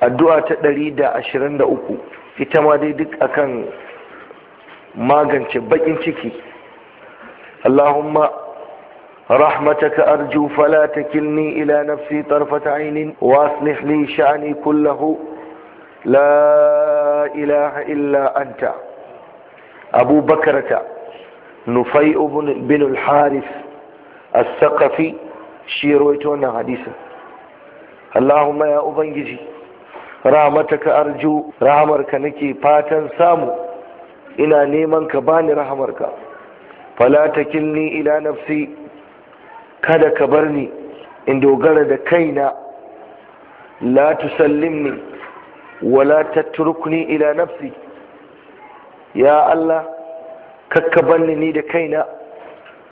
addu'a ta ɗari da ashirin da uku, ita ma dai duk akan magance baƙin ciki Allahumma rahmataka arju fala takilni ila nafsi tarfata ainin wa aslih li sha'ni kullahu la ilaha illa anta Abu Bakarata Nufai bin al-Harith as-Saqafi shi rawaito Allahumma ya ubangiji ka arju rahamarka nake fatan samu ina neman ka bani rahamarka fala takilni ila nafsi kada ka bar ni in dogara da kaina la tusallimni wala tatrukni ila nafsi ya Allah kakka banni ni da kaina